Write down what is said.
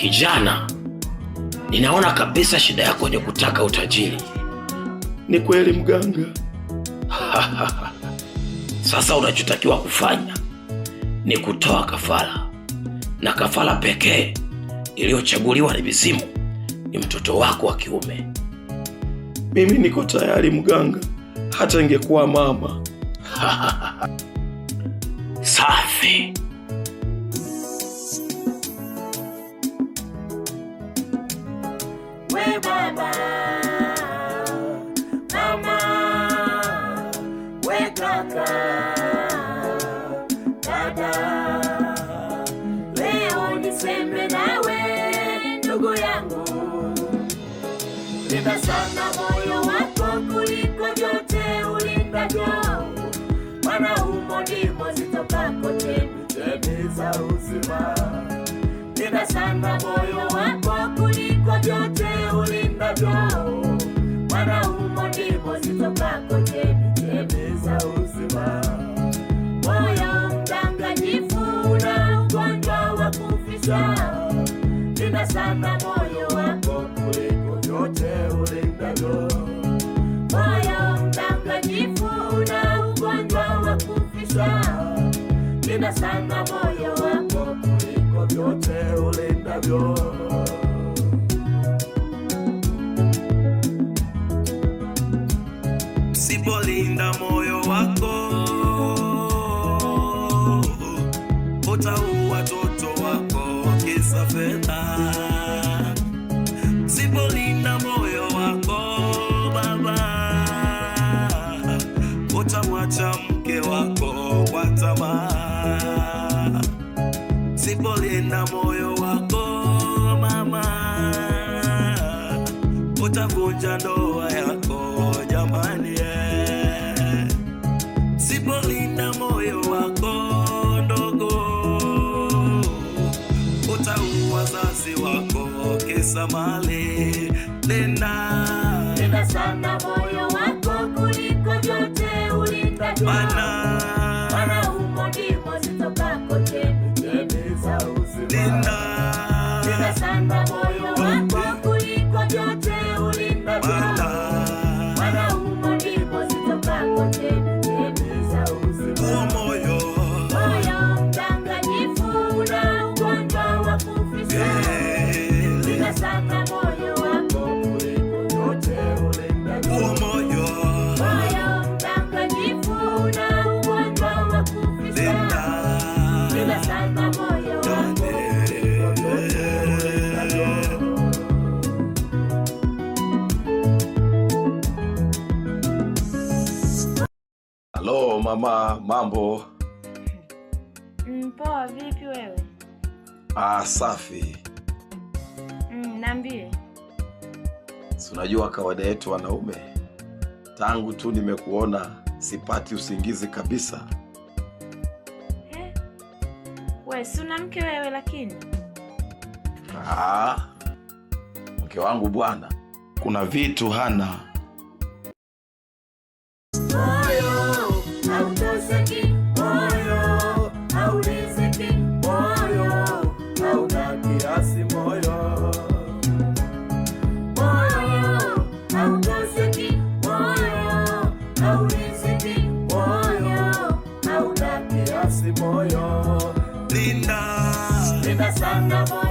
Kijana, ninaona kabisa shida yako ni kutaka utajiri. Ni kweli mganga. Sasa unachotakiwa kufanya ni kutoa kafara, na kafara pekee iliyochaguliwa ni mizimu, ni mtoto wako wa kiume. Mimi niko tayari mganga, hata ingekuwa mama. Safi. Bwana, moyo wako kuliko vyote ulingavyo, maana humo ndimo zitokako chemchemi za uzima. Tena sana moyo wako kuliko vyote ulingavyo, maana humo ndimo zitokako chemchemi za uzima. Moyo mdanganyifu na ugonjwa wa kufisha, tena sana kujificha, nina sana moyo wako kuliko vyote ulindavyo. Sipolinda moyo wako utauwa watoto wako kisa fedha pole na moyo wako mama, utavunja ndoa yako jamani, yeah. Sipolinda moyo wako ndogo, utaua wazazi wako kesa mali. Linda, linda sana moyo wako kuliko vyote ulinda mama, mambo? Mm, poa. Vipi wewe? Ah, safi. Mm, niambie. unajua kawaida yetu wanaume, tangu tu nimekuona sipati usingizi kabisa. Eh? We mke wewe? Lakini ah, mke wangu bwana, kuna vitu hana boyo linda linda sana boy.